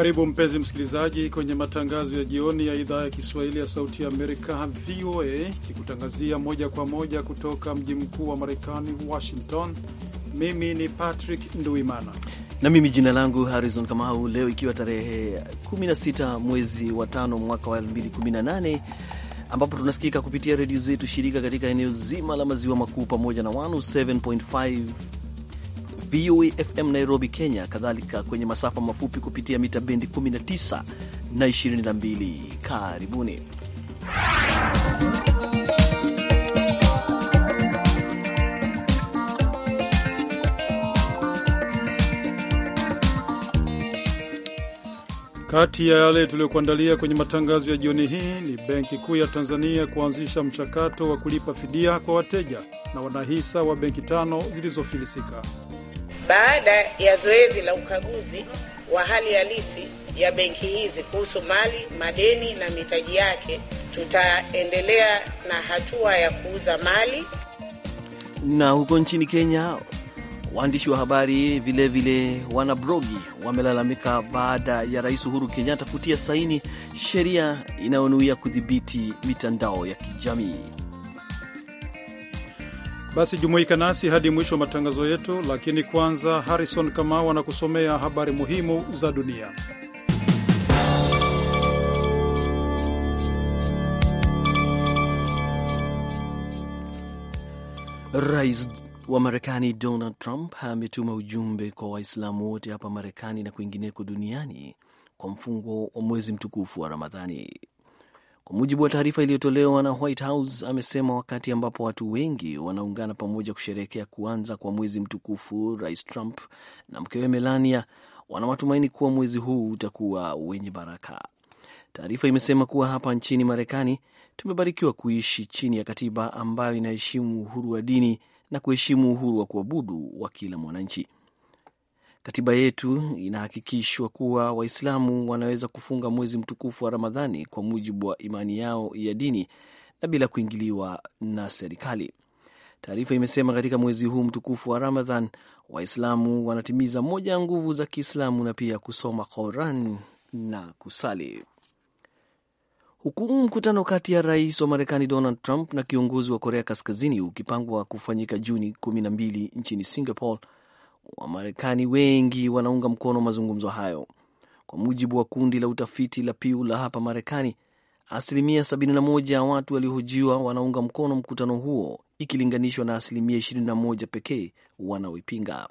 Karibu mpenzi msikilizaji kwenye matangazo ya jioni ya idhaa ya Kiswahili ya Sauti ya Amerika, VOA, ikikutangazia moja kwa moja kutoka mji mkuu wa Marekani, Washington. Mimi ni Patrick Nduimana na mimi jina langu Harrison Kamau. Leo ikiwa tarehe 16 mwezi wa tano mwaka wa 2018 ambapo tunasikika kupitia redio zetu shirika katika eneo zima la maziwa makuu pamoja na 107.5 VOA FM Nairobi, Kenya, kadhalika kwenye masafa mafupi kupitia mita bendi 19 na 22. Karibuni. Kati ya yale tuliyokuandalia kwenye matangazo ya jioni hii ni Benki Kuu ya Tanzania kuanzisha mchakato wa kulipa fidia kwa wateja na wanahisa wa benki tano zilizofilisika baada ya zoezi la ukaguzi wa hali halisi ya benki hizi kuhusu mali, madeni na mitaji yake, tutaendelea na hatua ya kuuza mali. Na huko nchini Kenya, waandishi wa habari vilevile wanablogi wamelalamika baada ya Rais Uhuru Kenyatta kutia saini sheria inayonuia kudhibiti mitandao ya kijamii. Basi jumuika nasi hadi mwisho wa matangazo yetu, lakini kwanza, Harrison Kamau anakusomea habari muhimu za dunia. Rais wa Marekani Donald Trump ametuma ujumbe kwa Waislamu wote hapa Marekani na kwingineko duniani kwa mfungo wa mwezi mtukufu wa Ramadhani kwa mujibu wa taarifa iliyotolewa na White House, amesema wakati ambapo watu wengi wanaungana pamoja kusherehekea kuanza kwa mwezi mtukufu, Rais Trump na mkewe Melania wana matumaini kuwa mwezi huu utakuwa wenye baraka. Taarifa imesema kuwa hapa nchini Marekani tumebarikiwa kuishi chini ya katiba ambayo inaheshimu uhuru wa dini na kuheshimu uhuru wa kuabudu wa kila mwananchi. Katiba yetu inahakikishwa kuwa Waislamu wanaweza kufunga mwezi mtukufu wa Ramadhani kwa mujibu wa imani yao ya dini na bila kuingiliwa na serikali. Taarifa imesema katika mwezi huu mtukufu wa Ramadhan, Waislamu wanatimiza moja ya nguvu za Kiislamu na pia kusoma Qoran na kusali. Huku mkutano kati ya rais wa Marekani Donald Trump na kiongozi wa Korea Kaskazini ukipangwa kufanyika Juni 12 nchini Singapore, Wamarekani wengi wanaunga mkono mazungumzo hayo. Kwa mujibu wa kundi la utafiti la Pew la hapa Marekani, asilimia 71 ya watu waliohojiwa wanaunga mkono mkutano huo ikilinganishwa na asilimia 21 pekee wanaoipinga.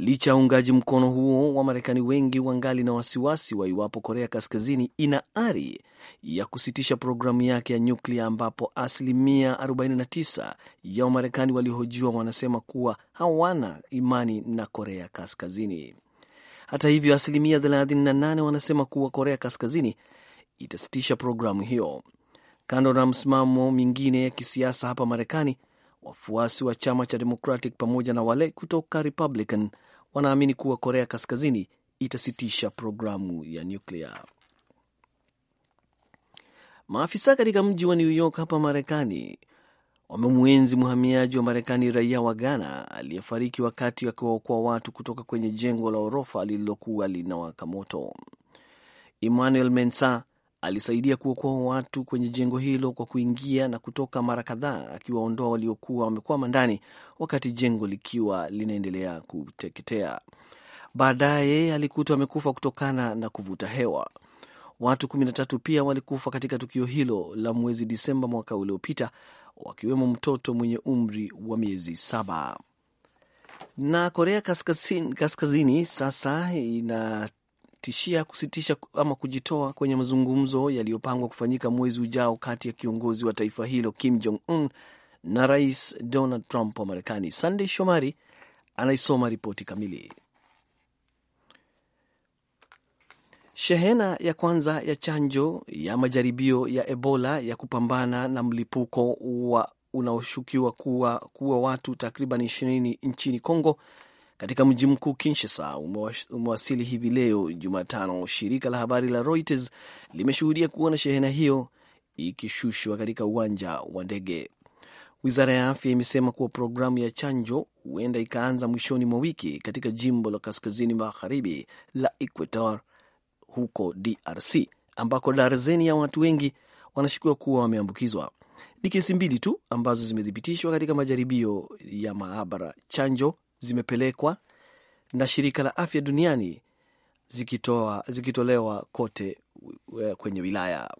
Licha ya uungaji mkono huo, Wamarekani wengi wangali na wasiwasi wa iwapo Korea Kaskazini ina ari ya kusitisha programu yake ya nyuklia, ambapo asilimia 49 ya Wamarekani waliohojiwa wanasema kuwa hawana imani na Korea Kaskazini. Hata hivyo, asilimia 38 wanasema kuwa Korea Kaskazini itasitisha programu hiyo. Kando na msimamo mingine ya kisiasa hapa Marekani, wafuasi wa chama cha Democratic pamoja na wale kutoka Republican wanaamini kuwa Korea Kaskazini itasitisha programu ya nyuklia. Maafisa katika mji wa New York hapa Marekani wamemwenzi mhamiaji wa Marekani raia wa Ghana aliyefariki wakati akiwaokoa watu kutoka kwenye jengo la ghorofa lililokuwa linawaka moto. Emmanuel Mensa Alisaidia kuokoa watu kwenye jengo hilo kwa kuingia na kutoka mara kadhaa, akiwaondoa waliokuwa wamekwama ndani, wakati jengo likiwa linaendelea kuteketea. Baadaye alikutwa amekufa kutokana na kuvuta hewa. Watu 13 pia walikufa katika tukio hilo la mwezi Disemba mwaka uliopita, wakiwemo mtoto mwenye umri wa miezi saba. Na Korea Kaskazini, Kaskazini sasa ina tishia kusitisha ama kujitoa kwenye mazungumzo yaliyopangwa kufanyika mwezi ujao kati ya kiongozi wa taifa hilo Kim Jong Un na Rais Donald Trump wa Marekani. Sandey Shomari anaisoma ripoti kamili. Shehena ya kwanza ya chanjo ya majaribio ya Ebola ya kupambana na mlipuko wa unaoshukiwa kuwa, kuwa watu takriban ishirini nchini congo katika mji mkuu Kinshasa umewasili hivi leo Jumatano. Shirika la habari la Reuters limeshuhudia kuona shehena hiyo ikishushwa katika uwanja wa ndege. Wizara ya afya imesema kuwa programu ya chanjo huenda ikaanza mwishoni mwa wiki katika jimbo la kaskazini magharibi la Equator huko DRC, ambako darzeni ya watu wengi wanashukiwa kuwa wameambukizwa. Ni kesi mbili tu ambazo zimethibitishwa katika majaribio ya maabara. Chanjo zimepelekwa na shirika la afya duniani zikitoa, zikitolewa kote e, kwenye wilaya.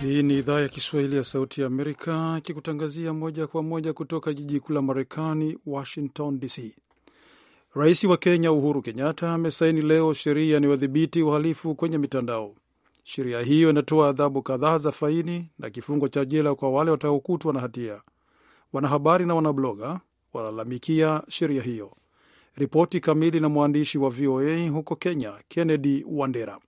Hii ni idhaa ya Kiswahili ya Sauti ya Amerika ikikutangazia moja kwa moja kutoka jiji kuu la Marekani, Washington DC. Rais wa Kenya Uhuru Kenyatta amesaini leo sheria inayodhibiti uhalifu kwenye mitandao. Sheria hiyo inatoa adhabu kadhaa za faini na kifungo cha jela kwa wale wataokutwa na hatia. Wanahabari na wanabloga walalamikia sheria hiyo. Ripoti kamili na mwandishi wa VOA huko Kenya, Kennedy Wandera.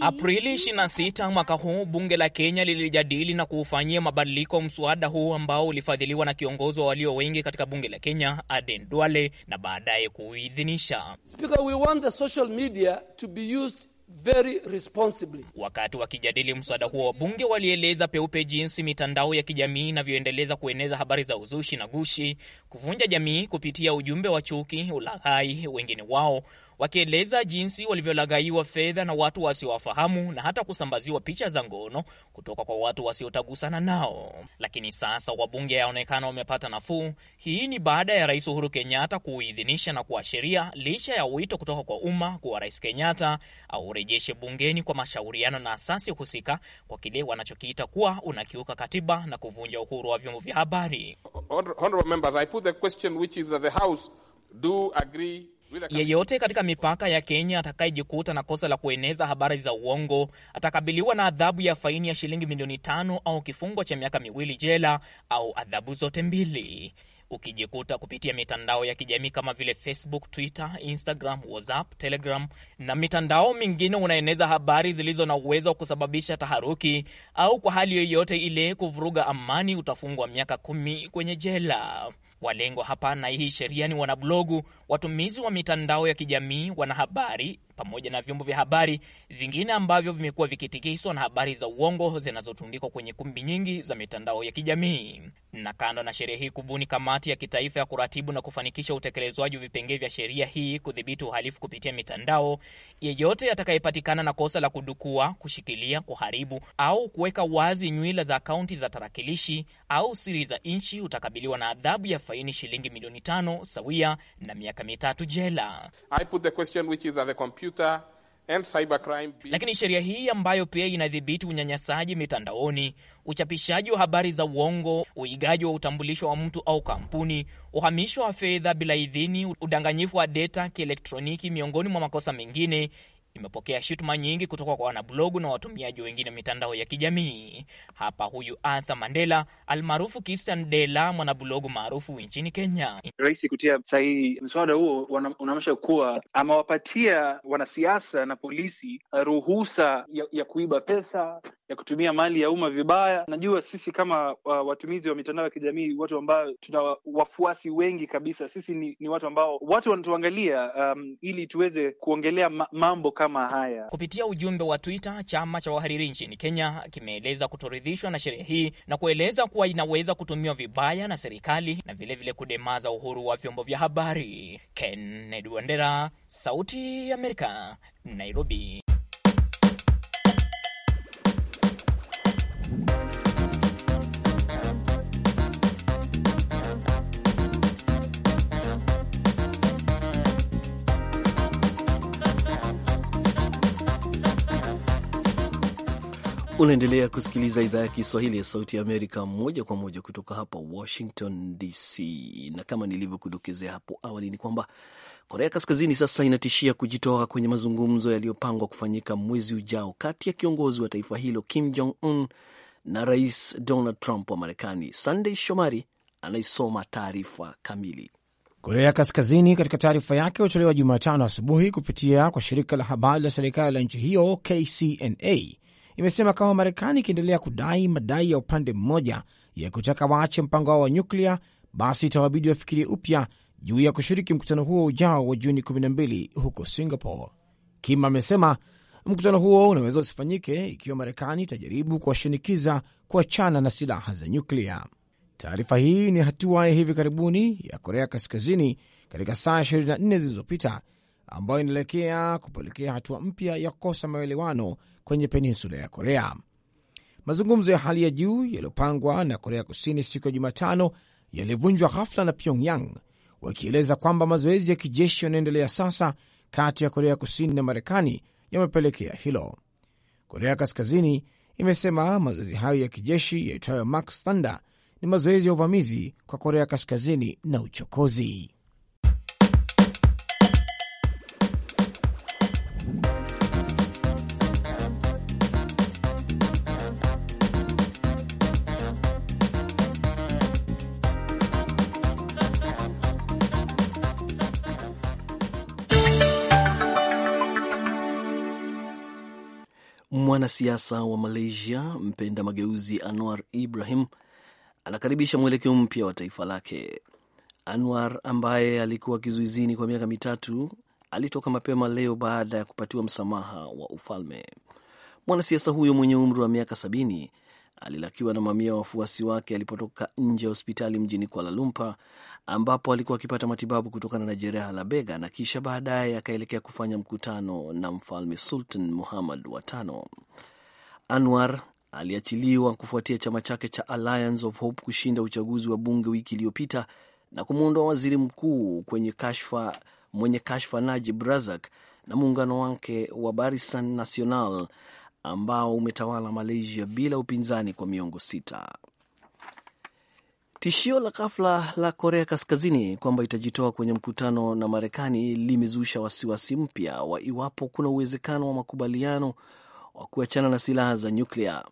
Aprili 26 mwaka huu bunge la Kenya lilijadili na kuufanyia mabadiliko mswada huu ambao ulifadhiliwa na kiongozi wa walio wengi katika bunge la Kenya Aden Duale na baadaye kuuidhinisha. Speaker, we want the social media to be used very responsibly. Wakati wakijadili mswada huo, wabunge walieleza peupe jinsi mitandao ya kijamii inavyoendeleza kueneza habari za uzushi na gushi, kuvunja jamii kupitia ujumbe wa chuki, ulaghai, wengine wao wakieleza jinsi walivyolaghaiwa fedha na watu wasiowafahamu na hata kusambaziwa picha za ngono kutoka kwa watu wasiotagusana nao. Lakini sasa wabunge yaonekana wamepata nafuu. Hii ni baada ya Rais Uhuru Kenyatta kuuidhinisha na kuwa sheria, licha ya wito kutoka kwa umma kuwa Rais Kenyatta aurejeshe bungeni kwa mashauriano na asasi husika kwa kile wanachokiita kuwa unakiuka katiba na kuvunja uhuru wa vyombo vya habari. Honorable members, I put the question which is that the House do agree Yeyote katika mipaka ya Kenya atakayejikuta na kosa la kueneza habari za uongo atakabiliwa na adhabu ya faini ya shilingi milioni tano au kifungo cha miaka miwili jela au adhabu zote mbili. Ukijikuta kupitia mitandao ya kijamii kama vile Facebook, Twitter, Instagram, WhatsApp, Telegram na mitandao mingine unaeneza habari zilizo na uwezo wa kusababisha taharuki au kwa hali yoyote ile kuvuruga amani, utafungwa miaka kumi kwenye jela. Walengwa hapa na hii sheria ni wanablogu, watumizi wa mitandao ya kijamii, wanahabari, pamoja na vyombo vya habari vingine ambavyo vimekuwa vikitikiswa na habari za uongo zinazotundikwa kwenye kumbi nyingi za mitandao ya kijamii. Na kando na sheria hii kubuni kamati ya kitaifa ya kuratibu na kufanikisha utekelezwaji wa vipengee vya sheria hii kudhibiti uhalifu kupitia mitandao, yeyote atakayepatikana na kosa la kudukua, kushikilia, kuharibu au kuweka wazi nywila za akaunti za tarakilishi au siri za nchi utakabiliwa na adhabu ya faini shilingi milioni tano sawia na miaka mitatu jela. I put the question which is at the computer computer and cybercrime. Lakini sheria hii ambayo pia inadhibiti unyanyasaji mitandaoni, uchapishaji wa habari za uongo, uigaji wa utambulisho wa mtu au kampuni, uhamisho wa fedha bila idhini, udanganyifu wa data kielektroniki, miongoni mwa makosa mengine imepokea shutuma nyingi kutoka kwa wanablogu na watumiaji wengine mitandao ya kijamii. Hapa huyu Arthur Mandela almaarufu Christian Dela, mwanablogu maarufu nchini Kenya. Rais kutia sahihi mswada huo unaonyesha kuwa amewapatia wanasiasa na polisi uh, ruhusa ya, ya kuiba pesa ya kutumia mali ya umma vibaya. Najua sisi kama uh, watumizi wa mitandao ya kijamii, watu ambao tuna wafuasi wengi kabisa, sisi ni, ni watu ambao watu wanatuangalia um, ili tuweze kuongelea mambo kama haya. Kupitia ujumbe wa Twitter, chama cha wahariri nchini Kenya kimeeleza kutoridhishwa na sheria hii na kueleza kuwa inaweza kutumiwa vibaya na serikali na vilevile vile kudemaza uhuru wa vyombo vya habari. Kennedy Wandera, Sauti ya Amerika, Nairobi. Unaendelea kusikiliza idhaa ya Kiswahili ya Sauti ya Amerika moja kwa moja kutoka hapa Washington DC, na kama nilivyokudokezea hapo awali ni kwamba Korea Kaskazini sasa inatishia kujitoa kwenye mazungumzo yaliyopangwa kufanyika mwezi ujao kati ya kiongozi wa taifa hilo Kim Jong Un na Rais Donald Trump wa Marekani. Sandey Shomari anaisoma taarifa kamili. Korea Kaskazini katika taarifa yake iliyotolewa Jumatano asubuhi kupitia kwa shirika la habari la serikali la nchi hiyo KCNA imesema kama Marekani ikiendelea kudai madai ya upande mmoja ya kutaka waache mpango wao wa nyuklia, basi itawabidi wafikirie upya juu ya kushiriki mkutano huo ujao wa Juni 12 huko Singapore. Kim amesema mkutano huo unaweza usifanyike ikiwa Marekani itajaribu kuwashinikiza kuachana na silaha za nyuklia. Taarifa hii ni hatua ya hivi karibuni ya Korea Kaskazini katika saa 24 zilizopita ambayo inaelekea kupelekea hatua mpya ya kukosa maelewano kwenye peninsula ya Korea. Mazungumzo ya hali ya juu yaliyopangwa na Korea Kusini siku ya Jumatano yalivunjwa ghafla na Pyongyang, wakieleza kwamba mazoezi ya kijeshi yanaendelea sasa kati ya Korea Kusini na Marekani yamepelekea hilo. Korea Kaskazini imesema mazoezi hayo ya kijeshi yaitwayo Max Thunder ni mazoezi ya uvamizi kwa Korea Kaskazini na uchokozi. Mwanasiasa wa Malaysia mpenda mageuzi Anwar Ibrahim anakaribisha mwelekeo mpya wa taifa lake. Anwar ambaye alikuwa kizuizini kwa miaka mitatu alitoka mapema leo baada ya kupatiwa msamaha wa ufalme. Mwanasiasa huyo mwenye umri wa miaka sabini alilakiwa na mamia ya wafuasi wake alipotoka nje ya hospitali mjini Kuala Lumpur ambapo alikuwa akipata matibabu kutokana na jeraha la bega na kisha baadaye akaelekea kufanya mkutano na mfalme Sultan Muhammad wa tano. Anwar aliachiliwa kufuatia chama chake cha Alliance of Hope kushinda uchaguzi wa bunge wiki iliyopita na kumwondoa waziri mkuu kwenye kashfa, mwenye kashfa Najib Razak na muungano wake wa Barisan Nasional ambao umetawala Malaysia bila upinzani kwa miongo sita. Tishio la ghafla la Korea Kaskazini kwamba itajitoa kwenye mkutano na Marekani limezusha wasiwasi mpya wa iwapo kuna uwezekano wa makubaliano wa kuachana na silaha za nyuklia.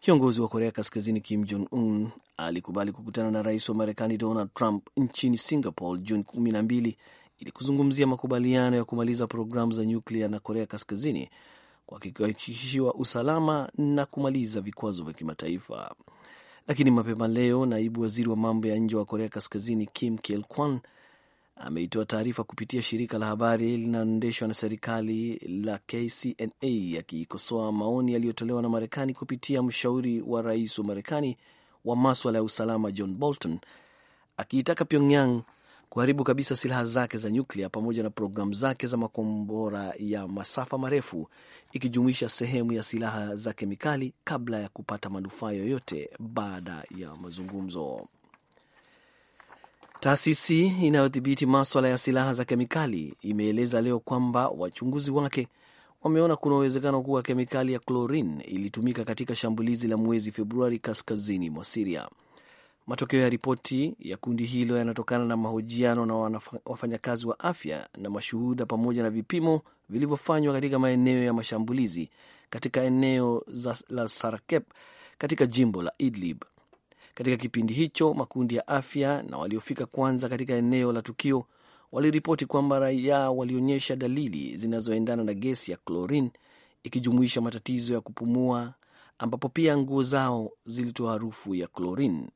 Kiongozi wa Korea Kaskazini Kim Jong Un alikubali kukutana na rais wa Marekani Donald Trump nchini Singapore Juni kumi na mbili ili kuzungumzia makubaliano ya kumaliza programu za nyuklia na Korea Kaskazini, kwa kuhakikishiwa usalama na kumaliza vikwazo vya kimataifa. Lakini mapema leo naibu waziri wa mambo ya nje wa Korea Kaskazini Kim Kyel Kwan ameitoa taarifa kupitia shirika la habari linaloendeshwa na serikali la KCNA akiikosoa maoni yaliyotolewa na Marekani kupitia mshauri wa rais wa Marekani wa maswala ya usalama John Bolton akiitaka Pyongyang kuharibu kabisa silaha zake za nyuklia pamoja na programu zake za makombora ya masafa marefu ikijumuisha sehemu ya silaha za kemikali kabla ya kupata manufaa yoyote baada ya mazungumzo. Taasisi inayodhibiti maswala ya silaha za kemikali imeeleza leo kwamba wachunguzi wake wameona kuna uwezekano kuwa kemikali ya chlorine ilitumika katika shambulizi la mwezi Februari kaskazini mwa Siria. Matokeo ya ripoti ya kundi hilo yanatokana na mahojiano na wafanyakazi wa afya na mashuhuda pamoja na vipimo vilivyofanywa katika maeneo ya mashambulizi katika eneo za, la Sarkep katika jimbo la Idlib. Katika kipindi hicho, makundi ya afya na waliofika kwanza katika eneo la tukio waliripoti kwamba raia walionyesha dalili zinazoendana na gesi ya klorini ikijumuisha matatizo ya kupumua, ambapo pia nguo zao zilitoa harufu ya klorini.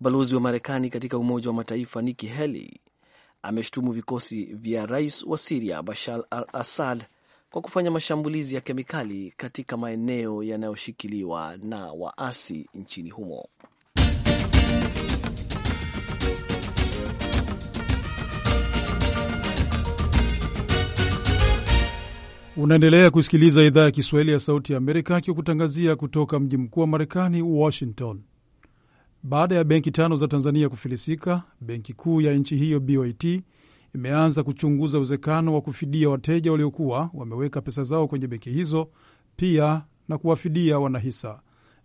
Balozi wa Marekani katika Umoja wa Mataifa Nikki Haley ameshutumu vikosi vya rais wa Siria Bashar al Assad kwa kufanya mashambulizi ya kemikali katika maeneo yanayoshikiliwa na waasi nchini humo. Unaendelea kusikiliza idhaa ya Kiswahili ya Sauti ya Amerika akikutangazia kutoka mji mkuu wa Marekani, Washington. Baada ya benki tano za Tanzania kufilisika, benki kuu ya nchi hiyo BOT imeanza kuchunguza uwezekano wa kufidia wateja waliokuwa wameweka pesa zao kwenye benki hizo, pia na kuwafidia wanahisa.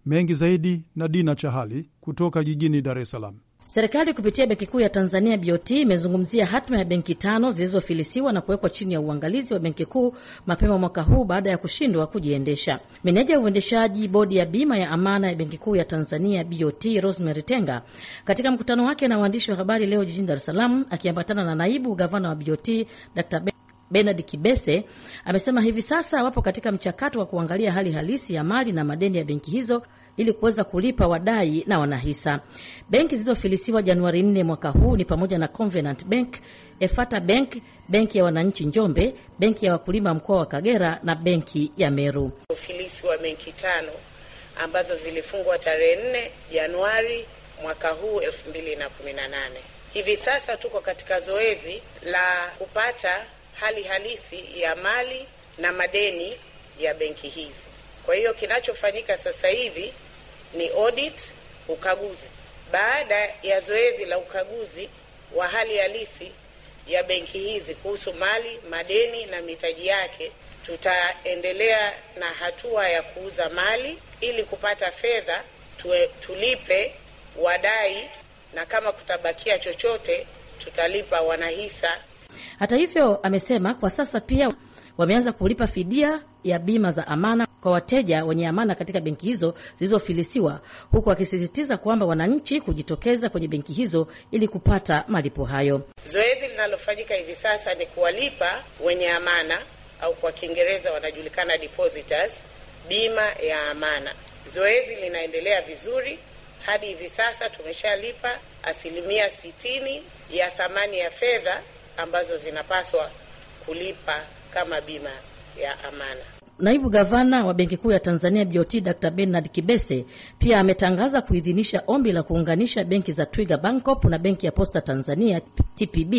Mengi zaidi na Dina Chahali kutoka jijini Dar es Salaam. Serikali kupitia Benki Kuu ya Tanzania BOT imezungumzia hatima ya benki tano zilizofilisiwa na kuwekwa chini ya uangalizi wa Benki Kuu mapema mwaka huu baada ya kushindwa kujiendesha. Meneja ya uendeshaji bodi ya bima ya amana ya Benki Kuu ya Tanzania BOT Rosemary Tenga, katika mkutano wake na waandishi wa habari leo jijini Dar es Salaam akiambatana na naibu gavana wa BOT Dr. Bernard Kibese amesema hivi sasa wapo katika mchakato wa kuangalia hali halisi ya mali na madeni ya benki hizo ili kuweza kulipa wadai na wanahisa. Benki zilizofilisiwa Januari 4 mwaka huu ni pamoja na Covenant Bank, Efata Bank, benki ya wananchi Njombe, benki ya wakulima mkoa wa Kagera na benki ya Meru. Ufilisi wa benki tano ambazo zilifungwa tarehe 4 Januari mwaka huu 2018. Hivi sasa tuko katika zoezi la kupata hali halisi ya mali na madeni ya benki hizi. Kwa hiyo kinachofanyika sasa hivi ni audit, ukaguzi. Baada ya zoezi la ukaguzi wa hali halisi ya benki hizi kuhusu mali, madeni na mitaji yake, tutaendelea na hatua ya kuuza mali ili kupata fedha tulipe wadai na kama kutabakia chochote tutalipa wanahisa. Hata hivyo, amesema kwa sasa pia wameanza kulipa fidia ya bima za amana kwa wateja wenye amana katika benki hizo zilizofilisiwa, huku wakisisitiza kwamba wananchi kujitokeza kwenye benki hizo ili kupata malipo hayo. Zoezi linalofanyika hivi sasa ni kuwalipa wenye amana au kwa Kiingereza wanajulikana depositors, bima ya amana. Zoezi linaendelea vizuri hadi hivi sasa tumeshalipa asilimia sitini ya thamani ya fedha ambazo zinapaswa kulipa kama bima ya amana Naibu gavana wa Benki Kuu ya Tanzania BOT Dr Bernard Kibese pia ametangaza kuidhinisha ombi la kuunganisha benki za Twiga Bancorp na benki ya Posta Tanzania TPB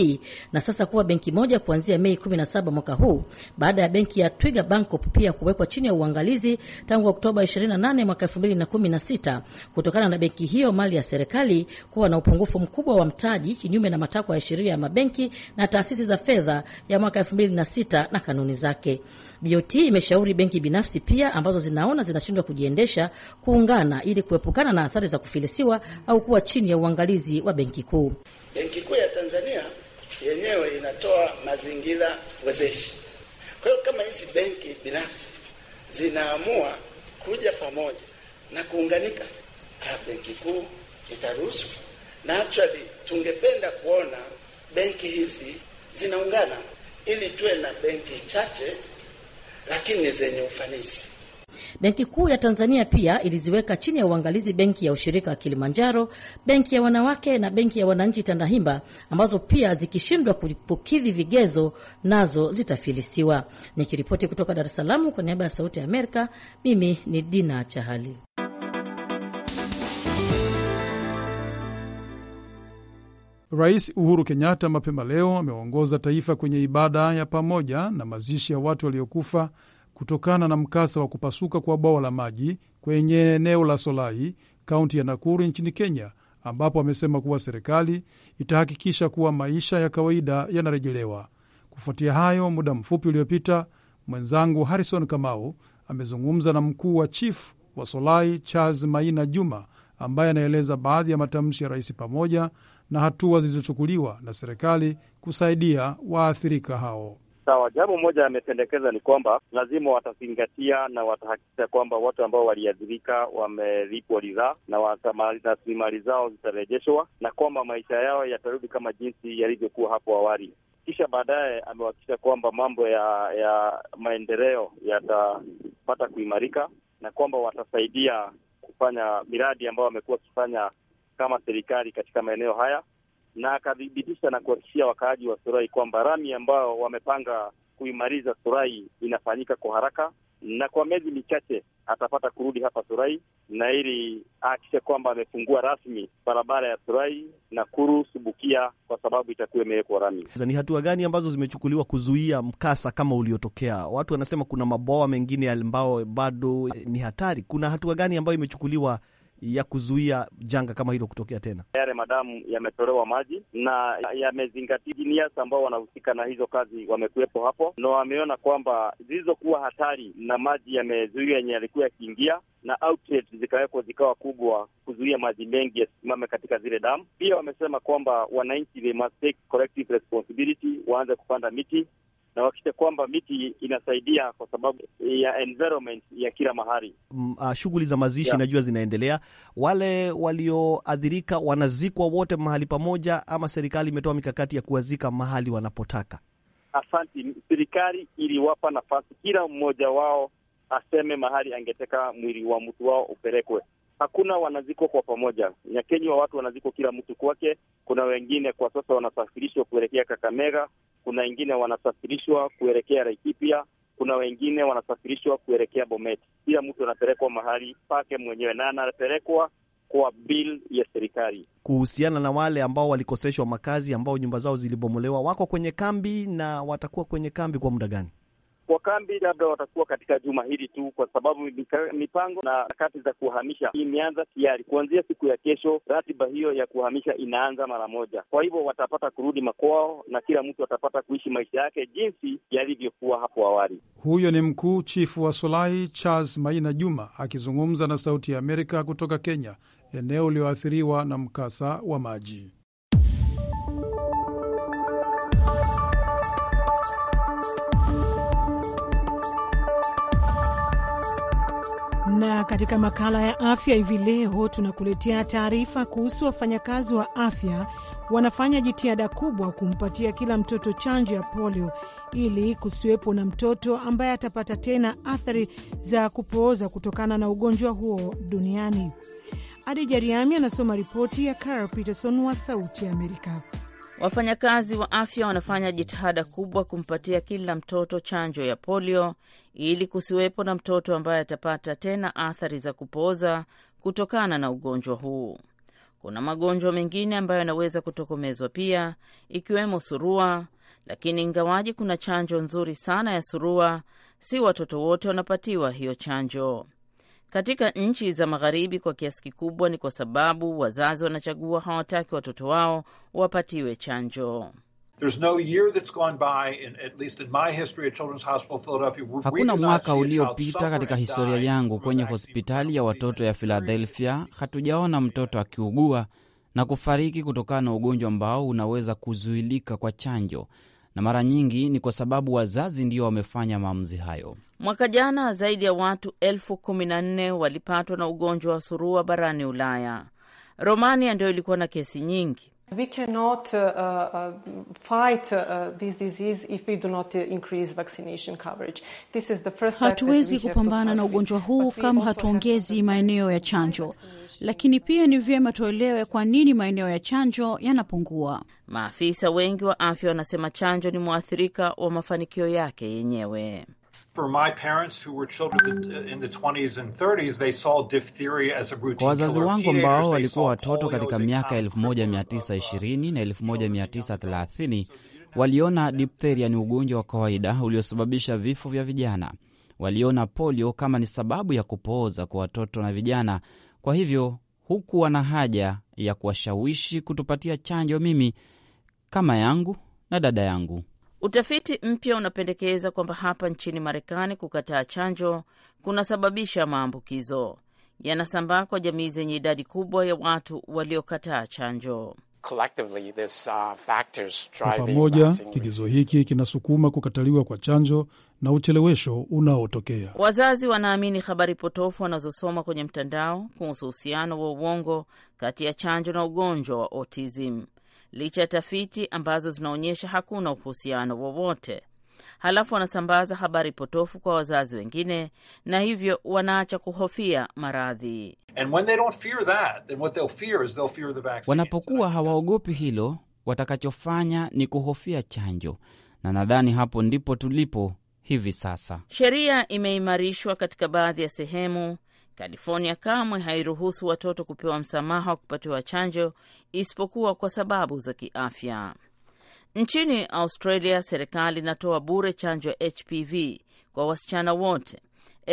na sasa kuwa benki moja kuanzia Mei 17 mwaka huu baada ya benki ya Twiga Bancorp pia kuwekwa chini ya uangalizi tangu Oktoba 28 mwaka 2016 kutokana na benki hiyo mali ya serikali kuwa na upungufu mkubwa wa mtaji kinyume na matakwa ya sheria ya mabenki na taasisi za fedha ya mwaka 2006 na kanuni zake. BOT imeshauri tunashauri benki binafsi pia ambazo zinaona zinashindwa kujiendesha kuungana ili kuepukana na athari za kufilisiwa au kuwa chini ya uangalizi wa benki kuu. Benki Kuu ya Tanzania yenyewe inatoa mazingira wezeshi. Kwa hiyo kama hizi benki binafsi zinaamua kuja pamoja na kuunganika, ah, benki kuu itaruhusu na tungependa kuona benki hizi zinaungana ili tuwe na benki chache lakini ni zenye ufanisi. Benki Kuu ya Tanzania pia iliziweka chini ya uangalizi benki ya ushirika wa Kilimanjaro, benki ya wanawake na benki ya wananchi Tandahimba, ambazo pia zikishindwa kukidhi vigezo nazo zitafilisiwa. Nikiripoti kutoka Dar es Salaam kwa niaba ya Sauti ya Amerika, mimi ni Dina Chahali. Rais Uhuru Kenyatta mapema leo ameongoza taifa kwenye ibada ya pamoja na mazishi ya watu waliokufa kutokana na mkasa wa kupasuka kwa bwawa la maji kwenye eneo la Solai, kaunti ya Nakuru nchini Kenya, ambapo amesema kuwa serikali itahakikisha kuwa maisha ya kawaida yanarejelewa. Kufuatia hayo, muda mfupi uliopita, mwenzangu Harrison Kamau amezungumza na mkuu wa chief wa Solai Charles Maina Juma ambaye anaeleza baadhi ya matamshi ya rais pamoja na hatua zilizochukuliwa na serikali kusaidia waathirika hao. Sawa, jambo moja amependekeza ni kwamba lazima watazingatia na watahakikisha kwamba watu ambao waliathirika wamelipwa ridhaa na rasilimali zao zitarejeshwa na kwamba maisha yao yatarudi kama jinsi yalivyokuwa hapo awali. Kisha baadaye amehakikisha kwamba mambo ya ya maendeleo yatapata kuimarika na kwamba watasaidia kufanya miradi ambayo wamekuwa wakifanya kama serikali katika maeneo haya, na akathibitisha na kuhakikishia wakaaji wa Surai kwamba rami ambao wamepanga kuimaliza Surai inafanyika kwa haraka na kwa miezi michache atapata kurudi hapa Surai na ili ahakikishe kwamba amefungua rasmi barabara ya Surai na Kuru Subukia kwa sababu itakuwa imewekwa rami. Ni hatua gani ambazo zimechukuliwa kuzuia mkasa kama uliotokea? Watu wanasema kuna mabwawa mengine ambayo bado ni hatari. Kuna hatua gani ambayo imechukuliwa ya kuzuia janga kama hilo kutokea tena? Tayari madamu yametolewa maji na yamezingatia jiniasa ambao wanahusika na hizo kazi, wamekuwepo hapo na wameona kwamba zilizokuwa hatari na maji yamezuia yenye yalikuwa yakiingia na outlet zikawekwa zikawa kubwa kuzuia maji mengi yasimame katika zile damu. Pia wamesema kwamba wananchi they must take collective responsibility, waanze kupanda miti na uhakikishe kwamba miti inasaidia kwa sababu ya environment ya kila mahali. Mm, ah, shughuli za mazishi yeah, najua zinaendelea. Wale walioathirika wanazikwa wote mahali pamoja, ama serikali imetoa mikakati ya kuwazika mahali wanapotaka? Asanti, serikali iliwapa nafasi kila mmoja wao aseme mahali angeteka mwili wa mtu wao upelekwe hakuna wanazikwa kwa pamoja. Nyakenywa watu wanazikwa kila mtu kwake. Kuna wengine kwa sasa wanasafirishwa kuelekea Kakamega, kuna wengine wanasafirishwa kuelekea Laikipia, kuna wengine wanasafirishwa kuelekea Bomet. Kila mtu anapelekwa mahali pake mwenyewe, na anapelekwa kwa bill ya serikali. Kuhusiana na wale ambao walikoseshwa makazi, ambao nyumba zao zilibomolewa, wako kwenye kambi na watakuwa kwenye kambi kwa muda gani? kwa kambi, labda watakuwa katika juma hili tu, kwa sababu mipango na harakati za kuhamisha imeanza tayari. Kuanzia siku ya kesho, ratiba hiyo ya kuhamisha inaanza mara moja. Kwa hivyo watapata kurudi makwao na kila mtu atapata kuishi maisha yake jinsi yalivyokuwa hapo awali. Huyo ni mkuu chifu wa Solai Charles Maina Juma akizungumza na Sauti ya Amerika kutoka Kenya, eneo lililoathiriwa na mkasa wa maji. Na katika makala ya afya hivi leo tunakuletea taarifa kuhusu wafanyakazi wa afya wanafanya jitihada kubwa kumpatia kila mtoto chanjo ya polio ili kusiwepo na mtoto ambaye atapata tena athari za kupooza kutokana na ugonjwa huo duniani. Adi Jariami anasoma ripoti ya Carl Peterson wa Sauti ya Amerika. Wafanyakazi wa afya wanafanya jitihada kubwa kumpatia kila mtoto chanjo ya polio ili kusiwepo na mtoto ambaye atapata tena athari za kupooza kutokana na ugonjwa huu. Kuna magonjwa mengine ambayo yanaweza kutokomezwa pia, ikiwemo surua, lakini ingawaji kuna chanjo nzuri sana ya surua, si watoto wote wanapatiwa hiyo chanjo. Katika nchi za magharibi kwa kiasi kikubwa ni kwa sababu wazazi wanachagua, hawataki watoto wao wapatiwe chanjo. Hakuna mwaka uliopita katika historia yangu kwenye hospitali ya watoto ya Philadelphia hatujaona mtoto akiugua na kufariki kutokana na ugonjwa ambao unaweza kuzuilika kwa chanjo na mara nyingi ni kwa sababu wazazi ndio wamefanya maamuzi hayo. Mwaka jana zaidi ya watu elfu kumi na nne walipatwa na ugonjwa wa surua barani Ulaya. Romania ndio ilikuwa na kesi nyingi. We cannot, uh, uh fight, uh, this disease if we do not uh, increase vaccination coverage. This is the first. Hatuwezi kupambana na ugonjwa huu kama hatuongezi maeneo ya chanjo lakini pia ni vyema tuelewe kwa nini maeneo ya chanjo yanapungua. Maafisa wengi wa afya wanasema chanjo ni mwathirika wa mafanikio yake yenyewe. Uh, kwa wazazi wangu ambao walikuwa watoto katika miaka 1920 na 1930 waliona diphtheria ni ugonjwa wa kawaida uliosababisha vifo vya vijana. Waliona polio kama ni sababu ya kupooza kwa watoto na vijana kwa hivyo hukuwa na haja ya kuwashawishi kutupatia chanjo, mimi kama yangu na dada yangu. Utafiti mpya unapendekeza kwamba hapa nchini Marekani kukataa chanjo kunasababisha maambukizo yanasambaa kwa jamii zenye idadi kubwa ya watu waliokataa chanjo. Uh, kwa pamoja, kigezo hiki kinasukuma kukataliwa kwa chanjo na uchelewesho unaotokea. Wazazi wanaamini habari potofu wanazosoma kwenye mtandao kuhusu uhusiano wa uongo kati ya chanjo na ugonjwa wa autism, licha ya tafiti ambazo zinaonyesha hakuna uhusiano wowote. Halafu wanasambaza habari potofu kwa wazazi wengine, na hivyo wanaacha kuhofia maradhi. Wanapokuwa hawaogopi hilo, watakachofanya ni kuhofia chanjo, na nadhani hapo ndipo tulipo hivi sasa. Sheria imeimarishwa katika baadhi ya sehemu. California kamwe hairuhusu watoto kupewa msamaha wa kupatiwa chanjo isipokuwa kwa sababu za kiafya. Nchini Australia, serikali inatoa bure chanjo ya HPV kwa wasichana wote.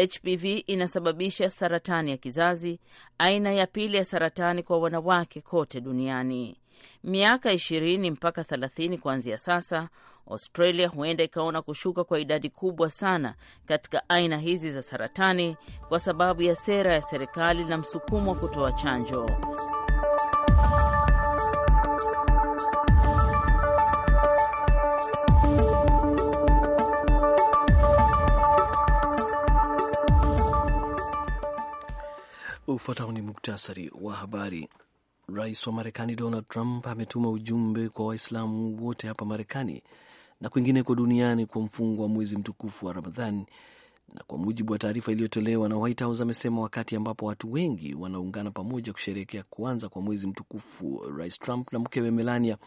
HPV inasababisha saratani ya kizazi, aina ya pili ya saratani kwa wanawake kote duniani. Miaka ishirini mpaka thelathini kuanzia sasa, Australia huenda ikaona kushuka kwa idadi kubwa sana katika aina hizi za saratani kwa sababu ya sera ya serikali na msukumo wa kutoa chanjo. Ufuatao ni muktasari wa habari. Rais wa Marekani Donald Trump ametuma ujumbe kwa Waislamu wote hapa Marekani na kwingineko duniani kwa mfungo wa mwezi mtukufu wa Ramadhani, na kwa mujibu wa taarifa iliyotolewa na White House amesema wakati ambapo watu wengi wanaungana pamoja kusherehekea kuanza kwa mwezi mtukufu, Rais Trump na mkewe Melania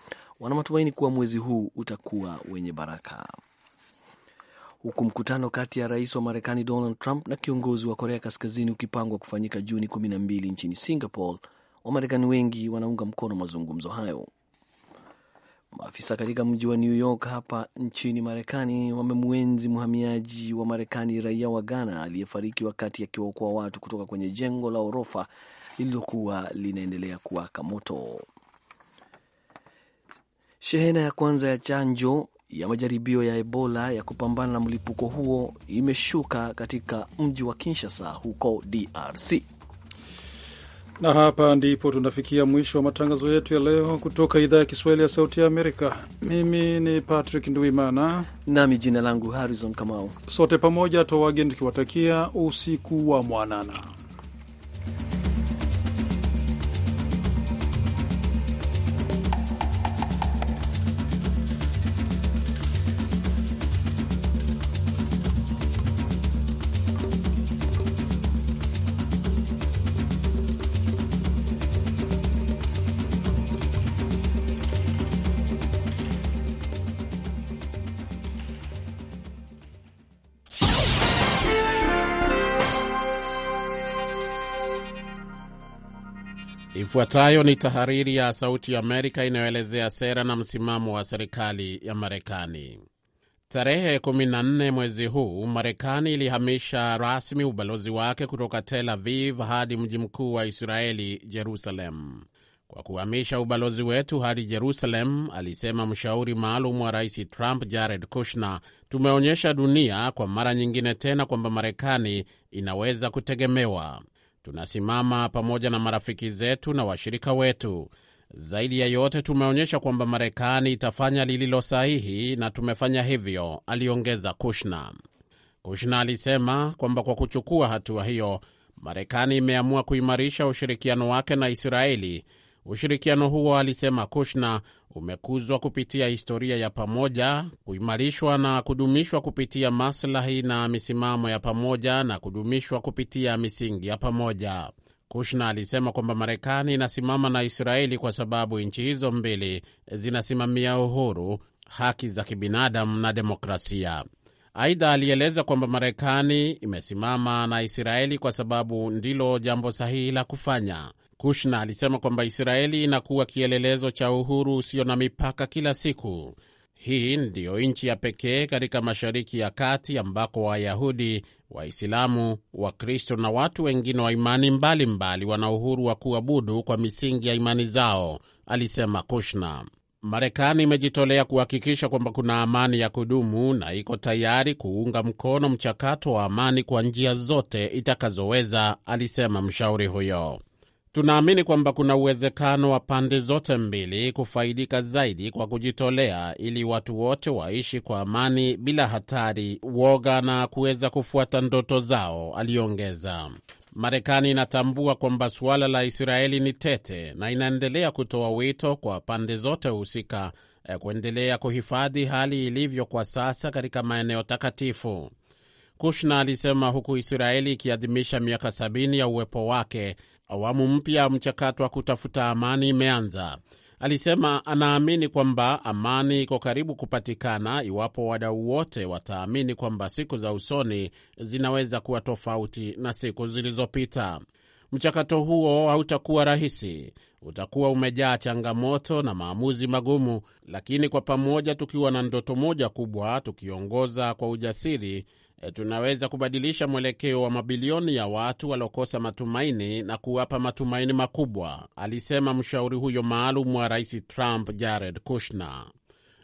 wana matumaini kuwa mwezi huu utakuwa wenye baraka, huku mkutano kati ya rais wa Marekani Donald Trump na kiongozi wa Korea Kaskazini ukipangwa kufanyika Juni kumi na mbili nchini Singapore Wamarekani wengi wanaunga mkono mazungumzo hayo. Maafisa katika mji wa New York hapa nchini Marekani wamemwenzi mhamiaji wa Marekani raia wa Ghana aliyefariki wakati akiwaokoa watu kutoka kwenye jengo la ghorofa lililokuwa linaendelea kuwaka moto. Shehena ya kwanza ya chanjo ya majaribio ya Ebola ya kupambana na mlipuko huo imeshuka katika mji wa Kinshasa huko DRC. Na hapa ndipo tunafikia mwisho wa matangazo yetu ya leo kutoka idhaa ya Kiswahili ya Sauti ya Amerika. Mimi ni Patrick Nduimana nami jina langu Harrison Kamau. Sote pamoja twawageni tukiwatakia usiku wa mwanana. Ifuatayo ni tahariri ya Sauti ya Amerika inayoelezea sera na msimamo wa serikali ya Marekani. Tarehe 14 mwezi huu Marekani ilihamisha rasmi ubalozi wake kutoka Tel Aviv hadi mji mkuu wa Israeli, Jerusalem. Kwa kuhamisha ubalozi wetu hadi Jerusalem, alisema mshauri maalum wa rais Trump, Jared Kushner, tumeonyesha dunia kwa mara nyingine tena kwamba Marekani inaweza kutegemewa. Tunasimama pamoja na marafiki zetu na washirika wetu. Zaidi ya yote, tumeonyesha kwamba Marekani itafanya lililo sahihi na tumefanya hivyo, aliongeza Kushna. Kushna alisema kwamba kwa kuchukua hatua hiyo, Marekani imeamua kuimarisha ushirikiano wake na Israeli Ushirikiano huo, alisema Kushna, umekuzwa kupitia historia ya pamoja, kuimarishwa na kudumishwa kupitia maslahi na misimamo ya pamoja, na kudumishwa kupitia misingi ya pamoja. Kushna alisema kwamba Marekani inasimama na Israeli kwa sababu nchi hizo mbili zinasimamia uhuru, haki za kibinadamu na demokrasia. Aidha, alieleza kwamba Marekani imesimama na Israeli kwa sababu ndilo jambo sahihi la kufanya. Kushna alisema kwamba Israeli inakuwa kielelezo cha uhuru usio na mipaka kila siku. Hii ndiyo nchi ya pekee katika Mashariki ya Kati ambako Wayahudi, Waislamu, Wakristo na watu wengine wa imani mbalimbali wana uhuru wa kuabudu kwa misingi ya imani zao, alisema Kushna. Marekani imejitolea kuhakikisha kwamba kuna amani ya kudumu na iko tayari kuunga mkono mchakato wa amani kwa njia zote itakazoweza, alisema mshauri huyo. Tunaamini kwamba kuna uwezekano wa pande zote mbili kufaidika zaidi kwa kujitolea, ili watu wote waishi kwa amani bila hatari, woga na kuweza kufuata ndoto zao, aliongeza. Marekani inatambua kwamba suala la Israeli ni tete na inaendelea kutoa wito kwa pande zote husika eh, kuendelea kuhifadhi hali ilivyo kwa sasa katika maeneo takatifu, Kushna alisema, huku Israeli ikiadhimisha miaka sabini ya uwepo wake awamu mpya ya mchakato wa kutafuta amani imeanza. Alisema anaamini kwamba amani iko karibu kupatikana iwapo wadau wote wataamini kwamba siku za usoni zinaweza kuwa tofauti na siku zilizopita. Mchakato huo hautakuwa rahisi, utakuwa umejaa changamoto na maamuzi magumu, lakini kwa pamoja, tukiwa na ndoto moja kubwa, tukiongoza kwa ujasiri, Eh, tunaweza kubadilisha mwelekeo wa mabilioni ya watu waliokosa matumaini na kuwapa matumaini makubwa, alisema mshauri huyo maalum wa rais Trump, Jared Kushner.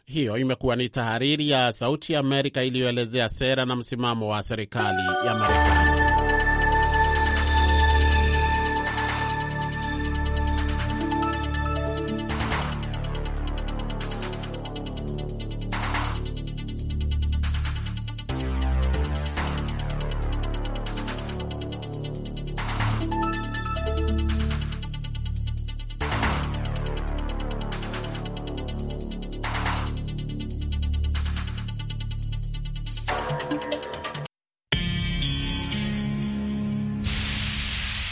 Hiyo imekuwa ni tahariri ya Sauti ya Amerika iliyoelezea sera na msimamo wa serikali ya Marekani.